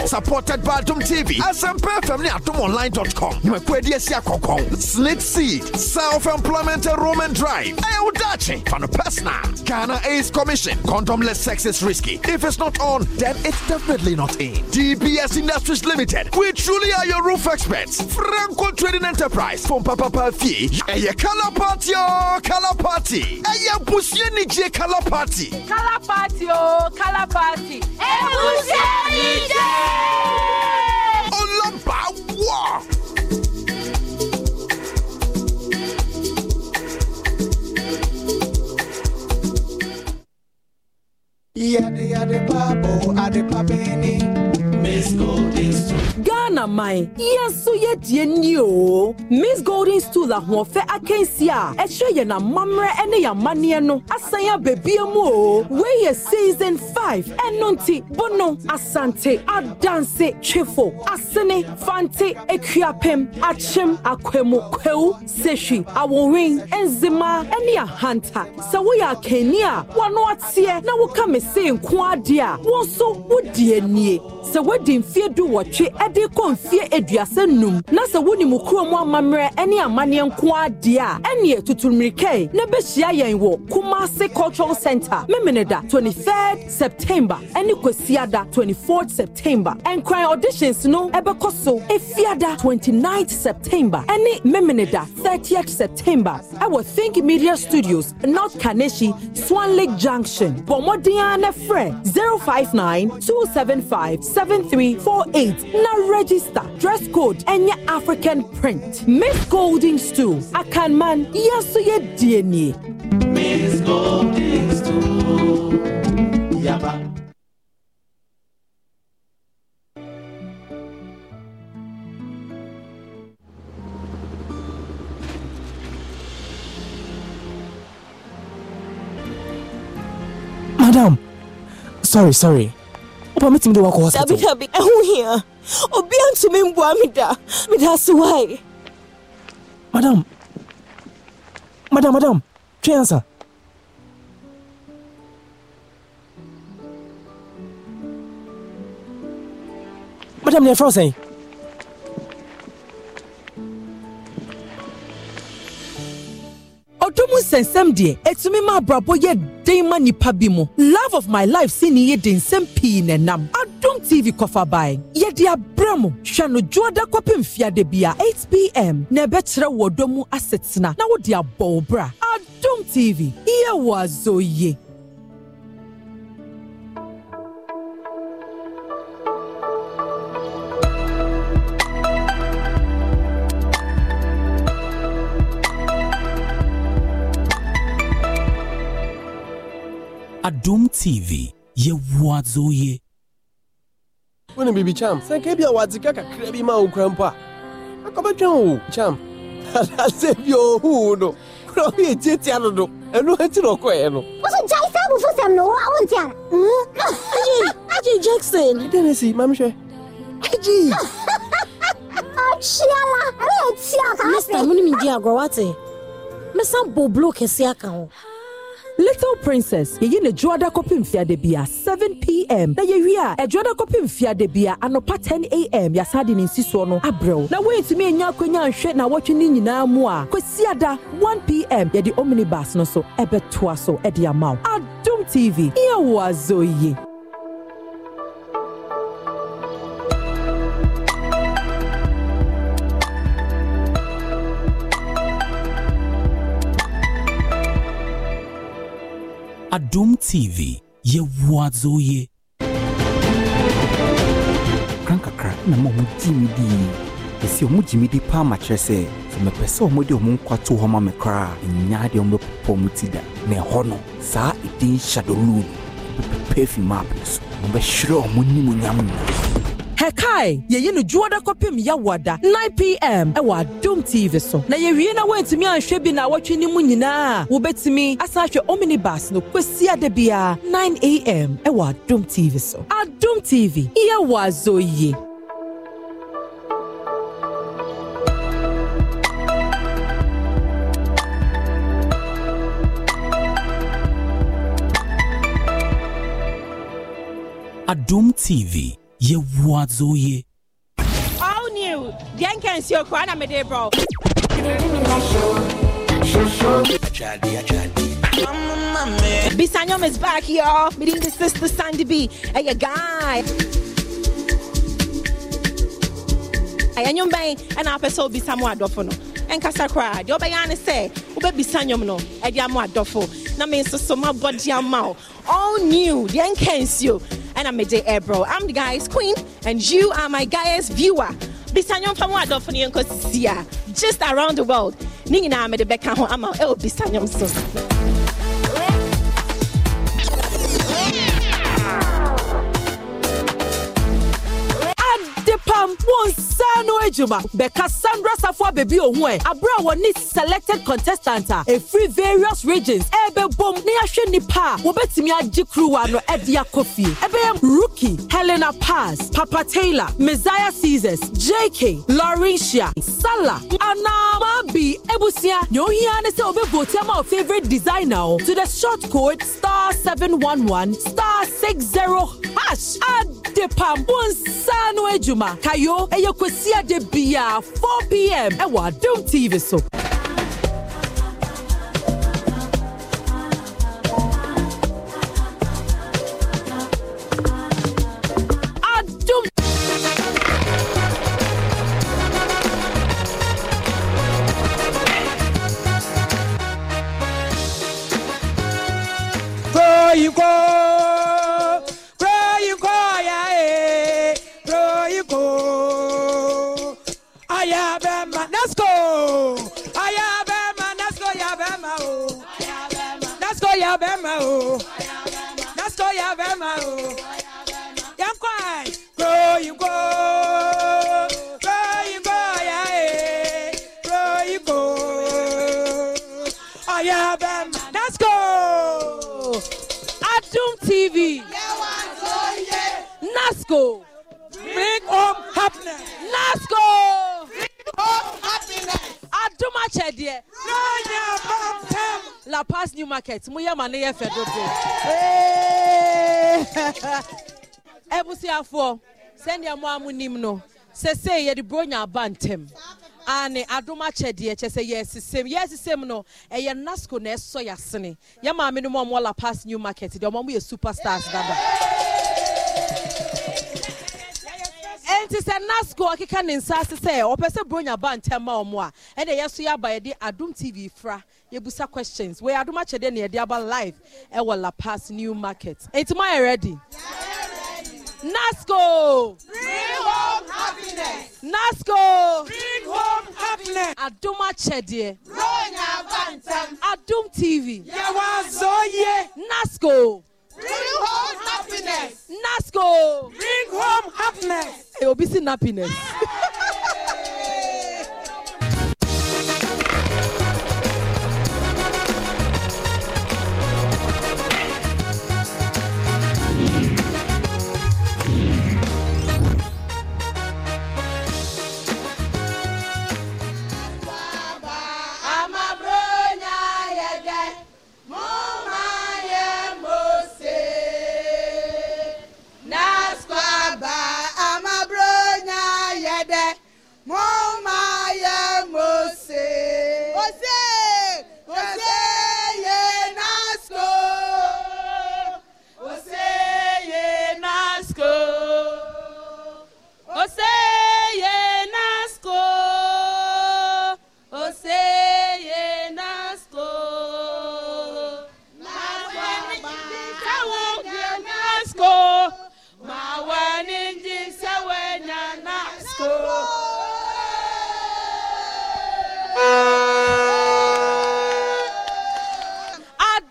Speaker 5: supported by adom tv asɛmpa Family ne Online.com. You com nnwumakuo adi asi akɔnkɔn slit seed self employment roman drive ɛyɛ wo daakye fa no ghana commission condomless sex is risky if it's not on then it's definitely not in dbs industries limited we truly are your roof experts Frank Asemco Trading Enterprise from Papa Palfi. A e color party, oh, color party. A e Busiani J color
Speaker 6: party. Color party, oh, color party. A Busiani J. Olamba, wow.
Speaker 7: Yadi yadi babo, adi papini. Miss
Speaker 5: Golden Stool.
Speaker 6: Ghana man, yẹn nso yẹ die ni o. Miss Golden Stool ahoɔfɛ akansi a ɛhyɛ e yɛn amammerɛ ne yɛn amanneɛ no asan abɛbie mu o. Wei yɛ season five ɛno e nti bono asante adanse twefo asene fante ekuapem akyem akwemu kwewu sehwi awowen nzima ne ahanta. Sɛ woyɛ akanni a wɔn ateɛ na woka me se nko adeɛ a wɔn nso wodie nie. Sɛ wodi di mfie du wɔtwe ɛde kɔ mfie eduasa num na sɛ wonim kurom amammerɛ ɛne amanneɛ nko adeɛ a ɛneɛ tutumirike na bɛhyia yɛn wɔ kumase cultural center memeneda 23 september ɛne kwasiada 24 september ɛnkran auditions no ɛbɛkɔ so efiada 29 september ɛne memeneda 30 september ɛwɔ think media studios north kaneshi swan lake junction zero five nine two seven five seven three 1348 now register dress code any african print miss golding stool man. Yes, you die me. miss Golding's stool yaba
Speaker 7: Madam, sorry, sorry. papa meeting the work hospital. Dabi
Speaker 2: dabi, ehun here. me mi da. meda da so why?
Speaker 7: Madam. Madam, madam. Try answer.
Speaker 6: Madam, you're frozen. nsɛm deɛ ɛtumi ma abrabɔ yɛ den ma nipa bi mu love of my life si ni yɛ de nsɛm pii na ɛnam adum tv kɔfa bae yɛde abrɛ mo hwɛ no dwoada kɔpem fiade bia 8pm na ɛbɛkyerɛ wɔ dɔ asetena na wode abɔ wo bra adum tv yɛ wɔ azɔ yie
Speaker 7: TV yɛwɔadze ye wone biribi champ
Speaker 5: sɛ nka bi a wɔadzeka kakra bi ma wo kora mpo a akɔbɛtwɛn o champ alasɛ bi ɔhuu no kora ɔyɛ tiatia no do ɛno akyi na ɔkɔɛ no woso gyae sɛ abufo sɛm no wonte a agye jackson dɛne si mamhwɛ
Speaker 6: agye ɔkyeala ɛyɛ tia ka mr monomedi agorɔ wate mesan bɔ blo kɛse aka ho little princess yɛyi ne dwoada kɔpem fiade bia 7pm na yɛwie a ɛdwoada kopi fiade bia anɔpa 10am yɛasa de ne nsisoɔ no abrɛw na wontumi anya akwanya nhwɛ na wɔtwe ne nyinaa mu a kwasiada 1pm yɛde omnibus no so ɛbɛtoa so ɛde ama wo adom tv yɛwɔ wazo yi
Speaker 7: Adum TV yɛ wadzo yie.
Speaker 8: Kran kakra na ma ɔmo gye me di. Esi ɔmo gye me di paa ma kyerɛ sɛ sɛ mepɛ sɛ ɔmo de ɔmo nkwa to hɔ ma me koraa nyaa deɛ ɔmo bɛpopɔ ɔmo ti da. Na ɛhɔ no saa edin Shadow Loon bɛpɛpɛ afi map no so. Ɔmo bɛhwerɛ ɔmo nimu nyam
Speaker 6: hɛkae yɛyi no dwoɔda kɔpem yɛwɔ da 9pm ɛwɔ adom tv so na yɛwie na woantumi anhwɛ bi na awɔtwe no mu nyinaa a wobɛtumi asan ahwɛ omnibus no kwasi ada biara 9am ɛwɔ adom tv so adom tv yɛwɔ azɔ yie
Speaker 7: Adum TV yɛwoadzo ye
Speaker 6: all new deɛ nka nsi oku ana mede brɔ Bisanyom is back, y'all. Meeting the sister Sandy B. Hey, your guy. Hey, and ena and I'll so be some adofo no. enkasa Casacra, you'll be honest, say, Ube Bisanyom no, and Yamu adofo na me nso so ma body amount. All new, the Enkensio, and I'm a day bro. I'm the guy's queen, and you are my guy's viewer. Bisanyon famu adofo ni enko sisia. Just around the world. Ni nyinaa mede bɛka ho ama ɛwɔ Bisanyon so. sam wonsaa no adwuma bɛka sandra safo abɛbi ohun ɛ e. abere a wɔne selected contestant a ɛfiri various regions ɛɛbɛbom na yɛahwɛ nnipa a wɔbɛtumi agye kuruwa no ɛde akɔ fie ɛbɛyɛ rookie helena paz papa taylor messiah caesars jk laurentia sala anamabi ebusua nea ohia ne sɛ wɔbɛvote ama favorite designer to the short code star 711 star 60 hash ade pam wonsaa no adwuma kayo ɛyɛ kwasi ade bia 4pm ɛwɔ adom tv so fɛ dodo ɛbusuafoɔ sɛnea mo a mo nim no sese yɛde bronya aba ntɛm ane adom akyɛdeɛ kyɛ sɛ yɛsesɛm yɛsesɛm no ɛyɛ nasco na ɛsɔ yɛasene yɛ maame no mu ɔmɔ lapas new market deɛ ɔma mo yɛ superstars dada nti sɛ nasco akeka ne nsa ase sɛ ɔpɛ sɛ bronya ba ntɛm ma ɔmo a ɛna yɛ so yɛaba yɛde adom tv fra yɛbusa questions wɔyɛ adom akyɛdeɛ ne yɛde aba live ɛwɔ la pass new market nti ma ayɛ ready nasco nasco adom akyɛdeɛ bronya ba ntɛm adom tv yɛwɔ azɔ yie nasco. Bring home happiness. NASCO. Bring home happiness. Hey, Obisi happiness.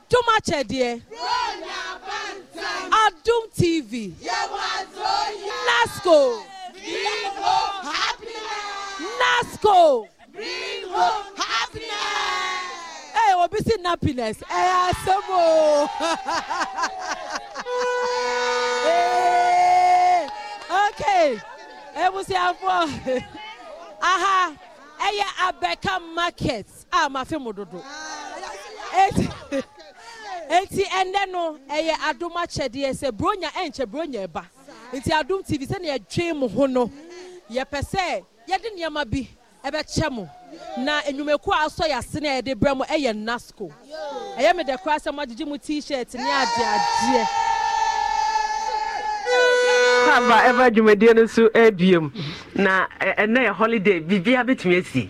Speaker 6: Adum Achedie. Ronya Bantam. Adum TV. Nasco. Bring home happiness. Nasco. Bring home happiness. Hey, obi si happiness. Hey, asemo. hey. Okay. Ebusiafo. Aha. Ɛyɛ Abeka market a ah, ma fi mu dodo. eti ɛnɛ no ɛyɛ adum akyɛdeɛ sɛ bronya ɛnkyɛ bronya ɛba nti adum tv sɛnea yɛdwe mu ho no yɛpɛ sɛ yɛde nneɛma bi ɛbɛkyɛ mo na enyimako asɔ yase na yɛde brɛ mu ɛyɛ nasco ɛyɛ mi dɛ kora sɛ mo agyegye mo t-shirt ne adeadeɛ.
Speaker 1: aba ɛba dwumadie no nso abiem na ɛnɛ e, yɛ holiday biribia bɛtumi esi.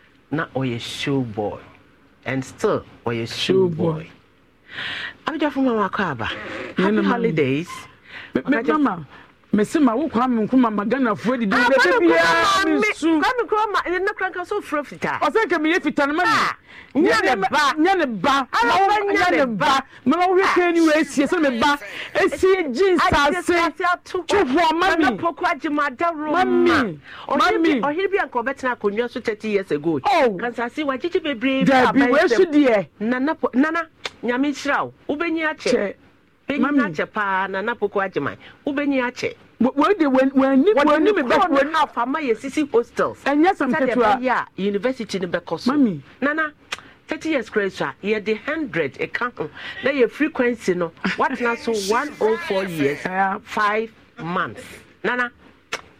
Speaker 1: na ɔyɛ show boy and still ɔyɛ show boy abegyafo mama kɔ
Speaker 7: aba happy holidays mama mese ma woka mekoa maganafo dmee fita
Speaker 1: es 30ge r bɛnyin akyɛ paa na napoko agye man wobɛnyin akyɛ wɔde wɔanim wɔanim bɛ wɔn afa ma yɛ sisi hostels ɛnyɛ sɛm ketewa sɛdeɛ bɛyɛ a university ni bɛkɔ so mami nana thirty years kura so a yɛde hundred ɛka ho na yɛ frequency no watena so one oh four years five months nana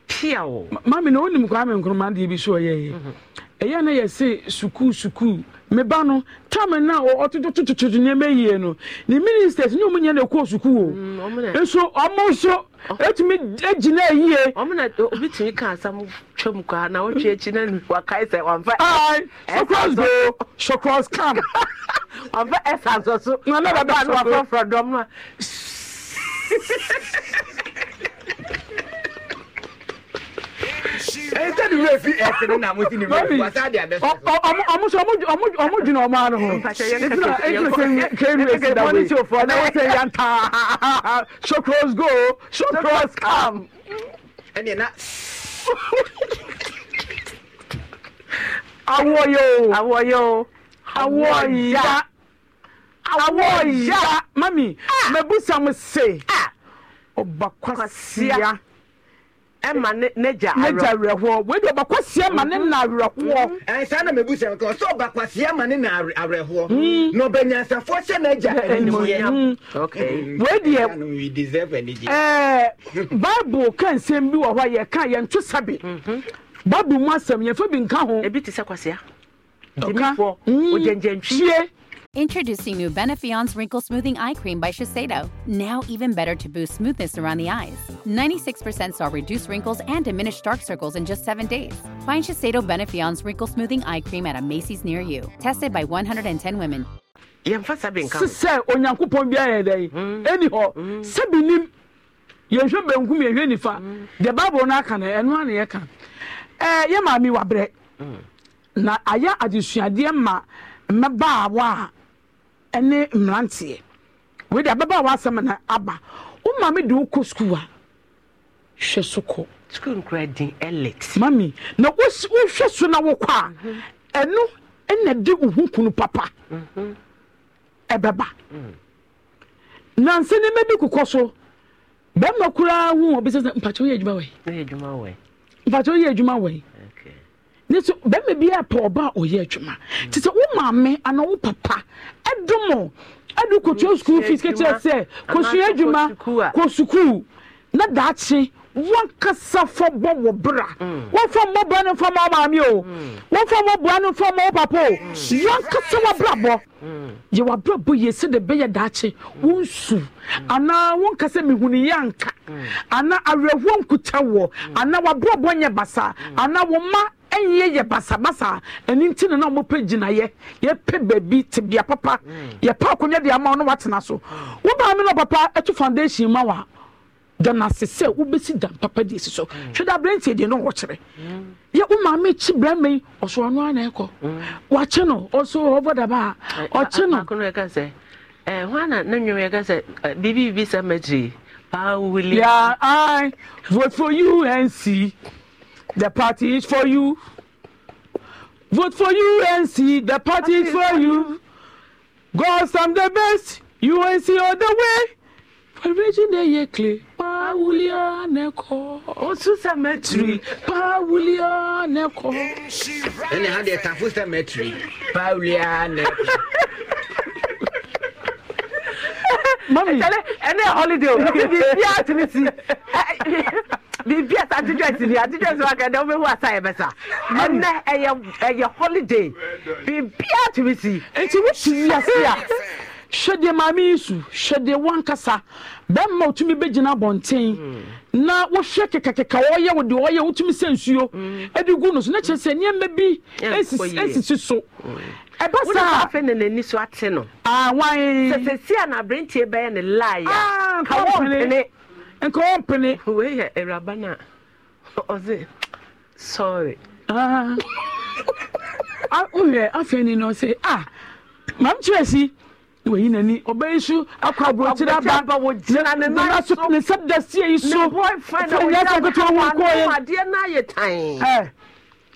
Speaker 1: pia o.
Speaker 7: maami na onim kwame nkrumah deɛ bi so ɔyɛ yɛ mhm. ɛyɛ na yɛsi sukuu sukuu me ba no tam na ɔtototototo nneɛma yie no ne ministers ne ɔmo nyɛ na
Speaker 1: ɛkɔ sukuu o
Speaker 4: mm,
Speaker 7: nso
Speaker 1: ɔmo nso etumi egyina yie. ɔmo na obi tumi ka asam twam kwa na ɔtwe ekyi na wakae sɛ wɔnfa. ayi sokros go sokros kam. wɔnfa ɛsa soso. na ne ba bɛ sokoro. wɔnfa fɔlɔfɔlɔ dɔm na.
Speaker 7: ẹsẹ ni wúlò fi ẹsẹ ni nàmú sí ni wúlò fi wàtá di abẹ sọ. ọmọ sọ ọmọ jùlọ ọmọ àná hàn ìtura ìtura sẹ kéwìn ẹsẹ dàgbé ẹnna wọn sẹ yàn tàà so cross go so cross come. ẹni ẹ na. awọ yóò awọ yóò awọ yá awọ yá mami mẹbùsàmù sè ọba kwasia. ɛma
Speaker 5: n'agya n'agya awerɛhoɔ wei deɛ ɔba mhm. mhm. kwasia
Speaker 7: ma ne na awerɛhoɔ.
Speaker 5: ɛnsa mhm. na mebu sɛn kɛ ɔsɛ ɔba kwasia ma ne na awerɛhoɔ na ɔbɛ nyansafoɔ hyɛ n'agya ɛnimu
Speaker 7: yɛ. wei
Speaker 8: deɛ ɛɛ
Speaker 7: baibu ka nsɛm bi wɔ hɔ a ka yɛn to sabi baibu mu asɛm yɛn fɛ bi nka ho. ebi ti sɛ kwasia. ɔka
Speaker 1: ɔgyɛngyɛntwie.
Speaker 2: Introducing new Benefiance Wrinkle Smoothing Eye Cream by Shiseido. Now even better to boost smoothness around the eyes. 96% saw reduced wrinkles and diminished dark circles in just 7 days. Find Shiseido Benefiance Wrinkle Smoothing Eye Cream at a Macy's near you. Tested by 110 women. Hmm.
Speaker 7: Hmm. nifa hmm. bible na ma ne mmeranteɛ wei de ababaawa asɛm na aba wo maame de wokɔ sukuu a hwɛ so kɔ sukuu nkura din elite mami na wohwɛ so na wokɔ a mhm. ɛno ɛna de wo ho kunu papa mhm. ɛbɛba mm. nansa nneɛma bi kokɔ so bɛrima koraa hu wɔ bi sɛ mpakyɛ woyɛ
Speaker 1: adwuma wɔ
Speaker 7: mpakyɛ woyɛ adwuma wɔ nso bɛrima bi atɔ ɔba a ɔyɛ adwuma te sɛ wo maame ana wo papa ɛdomo ɛde kɔtua sukuu fees kɛkyerɛ sɛ kɔsua adwuma kɔ sukuu na daakye wankasa fɔbɔ wɔ bra mm. wɔmfa mmɔboa no mfa ma maame o mm. wɔmfa mmɔboa no mfa ma wo papa o mm. wankasa wabrabɔ yɛ wabrabɔ yie sɛ de bɛyɛ daakye wonsu ana wonka sɛ mehunuyɛ anka anaa awerɛhoɔ nkuta wɔ anaa wabrabɔ nyɛ basa anaa wo ma ɛnyɛ yɛ basabasa ɛni ti na naa mo pe gyina yɛ yɛ pe beebi tibia papa mm. yɛ pa akonya de ama ɔno watena so wo baa mi na papa ɛtu foundation ma wa dana sese wobɛsi dan papa de esi so twɛ mm. da aberanteɛ deɛ no wɔkyerɛ mm. yɛ wo maame kyi brɛma yi ɔso ɔno ana ɛkɔ wakye no ɔso
Speaker 1: ɔbɔ daba a ɔkye no akono ɛka sɛ ɛɛ hɔ ana ne nwom yɛka sɛ biribi bi sɛ mɛtiri paa wuli. yà á vote for unc.
Speaker 7: The party is for you. Vote for UNC. The party is for you. God, I'm the best. UNC all the way. Federation Day yɛ kile. Paawulia ne kɔ. Osu cemetery. Paawulia ne kɔ.
Speaker 8: Ɛna ha deɛ tafo cemetery. Paawulia ne
Speaker 7: mami ẹsẹ
Speaker 1: ẹni ẹ holiday o ibi ibi atunisi biribi a saa atijọ esi ni atijọ esi wa kẹdẹ ọmọ ewu asa yẹ bẹ sa ẹnẹ ẹyẹ ẹyẹ holiday biribi
Speaker 7: atunisi eti wusu yi ase a. hwɛ maame yi su hwɛ deɛ wankasa bɛrima otumi bɛgyina abɔnten mm. na wohwɛ kekakeka wɔyɛ wo deɛ wɔyɛ
Speaker 1: wotumi sɛ nsuo ɛde mm. gu no so na kyerɛ sɛ nneɛma bi ɛsisi so mm. ɛbɛ saa afei na n'ani so ate no awan ah, sɛsɛsi a n'aberanteɛ bɛyɛ ne laayɛ a ah, nkɔwɔ mpene nkɔwɔ mpene wei yɛ awuraba no ah. a ɔdze sɔre wohwɛ afei ni
Speaker 7: na ɔsɛ a maame kyerɛ si wɔyi n'ani ɔbɛyi so akɔ aburotire
Speaker 1: aba ne nana so ne sɛ dasie yi so fɛn yɛ sɛ ketewa wɔn kɔɔ yɛ.